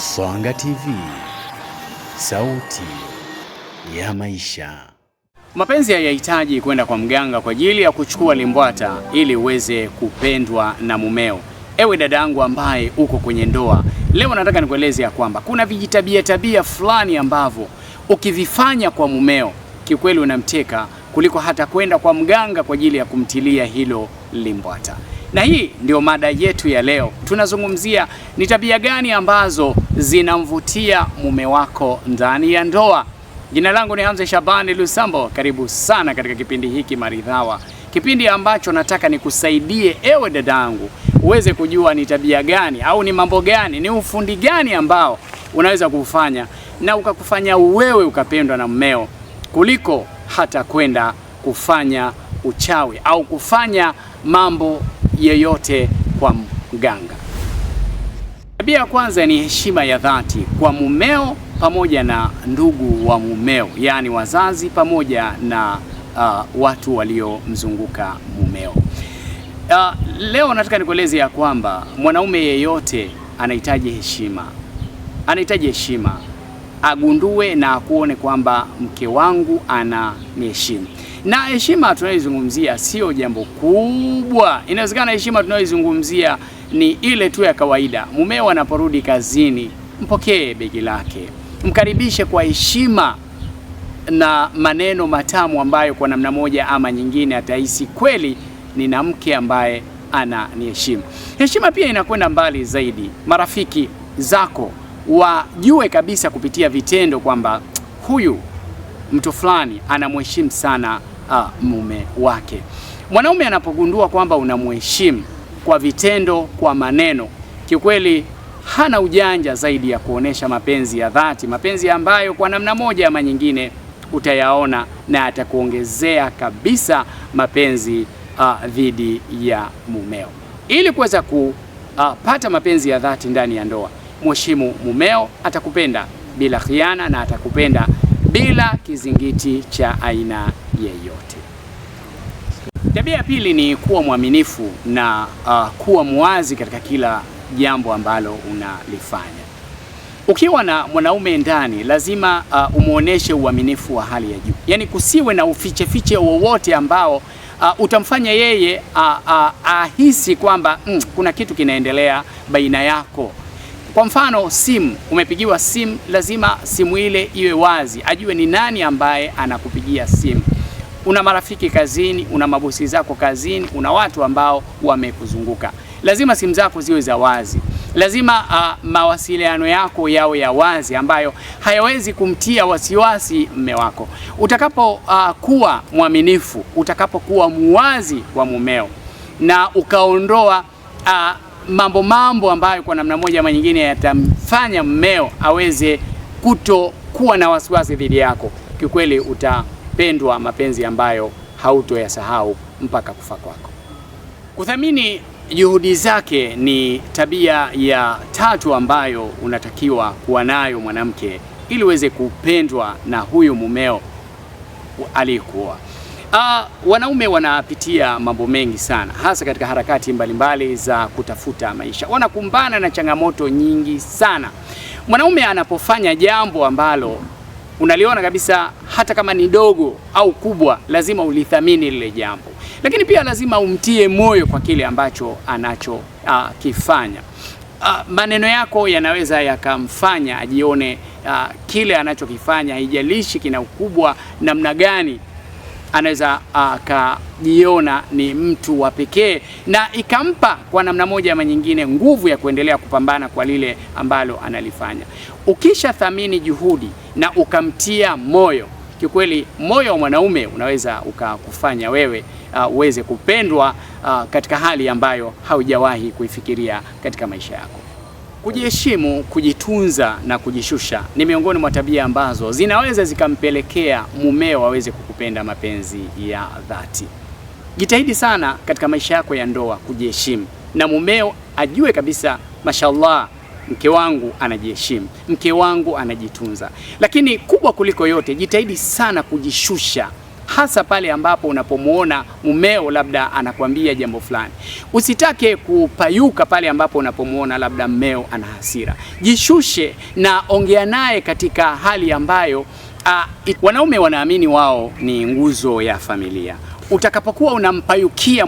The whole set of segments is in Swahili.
Swanga TV, sauti ya maisha. Mapenzi hayahitaji kwenda kwa mganga kwa ajili ya kuchukua limbwata ili uweze kupendwa na mumeo. Ewe dadangu ambaye uko kwenye ndoa, leo nataka nikueleze ya kwamba kuna vijitabia tabia fulani ambavyo ukivifanya kwa mumeo, kiukweli unamteka kuliko hata kwenda kwa mganga kwa ajili ya kumtilia hilo limbwata. Na hii ndio mada yetu ya leo. Tunazungumzia ni tabia gani ambazo zinamvutia mume wako ndani ya ndoa. Jina langu ni Hamza Shabani Lusambo. Karibu sana katika kipindi hiki maridhawa, kipindi ambacho nataka nikusaidie ewe dadangu uweze kujua ni tabia gani au ni mambo gani, ni ufundi gani ambao unaweza kufanya na ukakufanya wewe ukapendwa na mmeo kuliko hata kwenda kufanya uchawi au kufanya mambo yeyote kwa mganga. Tabia ya kwanza ni heshima ya dhati kwa mumeo pamoja na ndugu wa mumeo, yaani wazazi pamoja na uh, watu waliomzunguka mumeo. Uh, leo nataka nikueleze ya kwamba mwanaume yeyote anahitaji heshima, anahitaji heshima, agundue na akuone kwamba mke wangu ana mheshimu na heshima tunayoizungumzia sio jambo kubwa. Inawezekana heshima tunayoizungumzia ni ile tu ya kawaida. Mumeo anaporudi kazini, mpokee begi lake, mkaribishe kwa heshima na maneno matamu ambayo kwa namna moja ama nyingine atahisi kweli nina mke ambaye ana niheshimu. Heshima pia inakwenda mbali zaidi. Marafiki zako wajue kabisa kupitia vitendo kwamba huyu mtu fulani anamheshimu sana uh, mume wake. Mwanaume anapogundua kwamba unamheshimu kwa vitendo, kwa maneno, kiukweli hana ujanja zaidi ya kuonesha mapenzi ya dhati, mapenzi ambayo kwa namna moja ama nyingine utayaona na atakuongezea kabisa mapenzi uh, dhidi ya mumeo. Ili kuweza kupata ah, uh, mapenzi ya dhati ndani ya ndoa, mheshimu mumeo, atakupenda bila khiana na atakupenda bila kizingiti cha aina yeyote. Tabia ya pili ni kuwa mwaminifu na uh, kuwa mwazi katika kila jambo ambalo unalifanya. Ukiwa na mwanaume ndani, lazima uh, umwonyeshe uaminifu wa hali ya juu, yaani kusiwe na ufichefiche wowote ambao uh, utamfanya yeye ahisi uh, uh, uh, kwamba mm, kuna kitu kinaendelea baina yako kwa mfano simu, umepigiwa simu, lazima simu ile iwe wazi, ajue ni nani ambaye anakupigia simu. Una marafiki kazini, una mabosi zako kazini, una watu ambao wamekuzunguka, lazima simu zako ziwe za wazi. Lazima uh, mawasiliano yako yawe ya wazi ambayo hayawezi kumtia wasiwasi mme wako. Utakapokuwa ah, uh, mwaminifu, utakapokuwa muwazi wa mumeo na ukaondoa uh, mambo mambo ambayo kwa namna moja ama nyingine yatamfanya mmeo aweze kuto kuwa na wasiwasi dhidi yako, kiukweli utapendwa mapenzi ambayo hautoyasahau mpaka kufa kwako. Kuthamini juhudi zake ni tabia ya tatu ambayo unatakiwa kuwa nayo mwanamke, ili uweze kupendwa na huyu mumeo aliyekuoa. Uh, wanaume wanapitia mambo mengi sana hasa katika harakati mbalimbali mbali za kutafuta maisha. Wanakumbana na changamoto nyingi sana. Mwanaume anapofanya jambo ambalo unaliona kabisa hata kama ni dogo au kubwa, lazima ulithamini lile jambo, lakini pia lazima umtie moyo kwa kile ambacho anacho Uh, uh, maneno yako yanaweza yakamfanya ajione uh, kile anachokifanya, haijalishi kina ukubwa namna gani anaweza ah, akajiona ni mtu wa pekee na ikampa kwa namna moja ama nyingine nguvu ya kuendelea kupambana kwa lile ambalo analifanya. Ukishathamini juhudi na ukamtia moyo, kiukweli moyo wa mwanaume unaweza ukakufanya wewe uh, uweze kupendwa uh, katika hali ambayo haujawahi kuifikiria katika maisha yako. Kujiheshimu, kujitunza na kujishusha ni miongoni mwa tabia ambazo zinaweza zikampelekea mumeo aweze kukupenda mapenzi ya dhati. Jitahidi sana katika maisha yako ya ndoa kujiheshimu, na mumeo ajue kabisa, mashallah, mke wangu anajiheshimu, mke wangu anajitunza. Lakini kubwa kuliko yote, jitahidi sana kujishusha hasa pale ambapo unapomwona mumeo labda anakuambia jambo fulani. Usitake kupayuka pale ambapo unapomwona labda mmeo ana hasira. Jishushe na ongea naye katika hali ambayo a, it, wanaume wanaamini wao ni nguzo ya familia. Utakapokuwa unampayukia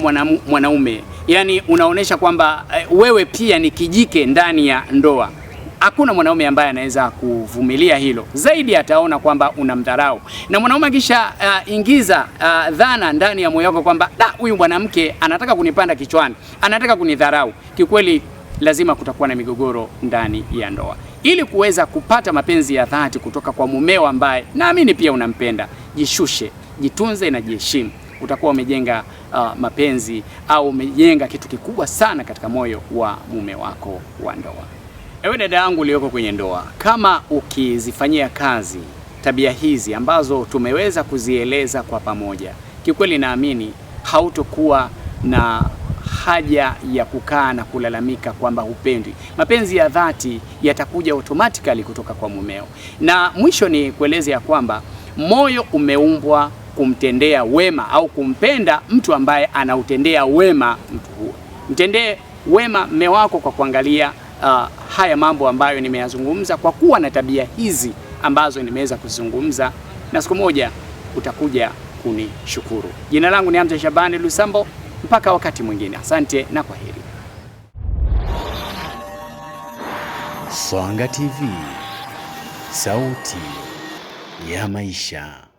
mwanaume yani unaonyesha kwamba eh, wewe pia ni kijike ndani ya ndoa hakuna mwanaume ambaye anaweza kuvumilia hilo, zaidi ataona kwamba unamdharau. Na mwanaume akisha uh, ingiza uh, dhana ndani ya moyo wako kwamba da, huyu mwanamke anataka kunipanda kichwani, anataka kunidharau, kikweli lazima kutakuwa na migogoro ndani ya ndoa. Ili kuweza kupata mapenzi ya dhati kutoka kwa mumeo ambaye naamini pia unampenda, jishushe, jitunze na jiheshimu. Utakuwa umejenga uh, mapenzi au umejenga kitu kikubwa sana katika moyo wa mume wako wa ndoa. Ewe dada yangu uliyoko kwenye ndoa, kama ukizifanyia kazi tabia hizi ambazo tumeweza kuzieleza kwa pamoja, kiukweli naamini hautokuwa na haja ya kukaa na kulalamika kwamba hupendwi. Mapenzi ya dhati yatakuja automatically kutoka kwa mumeo. Na mwisho ni kueleze ya kwamba moyo umeumbwa kumtendea wema au kumpenda mtu ambaye anautendea wema mtu huo. Mtendee wema mme wako kwa kuangalia uh, haya mambo ambayo nimeyazungumza kwa kuwa na tabia hizi ambazo nimeweza kuzungumza, na siku moja utakuja kunishukuru. Jina langu ni Hamza Shabani Lusambo, mpaka wakati mwingine, asante na kwa heri. Swanga TV, sauti ya maisha.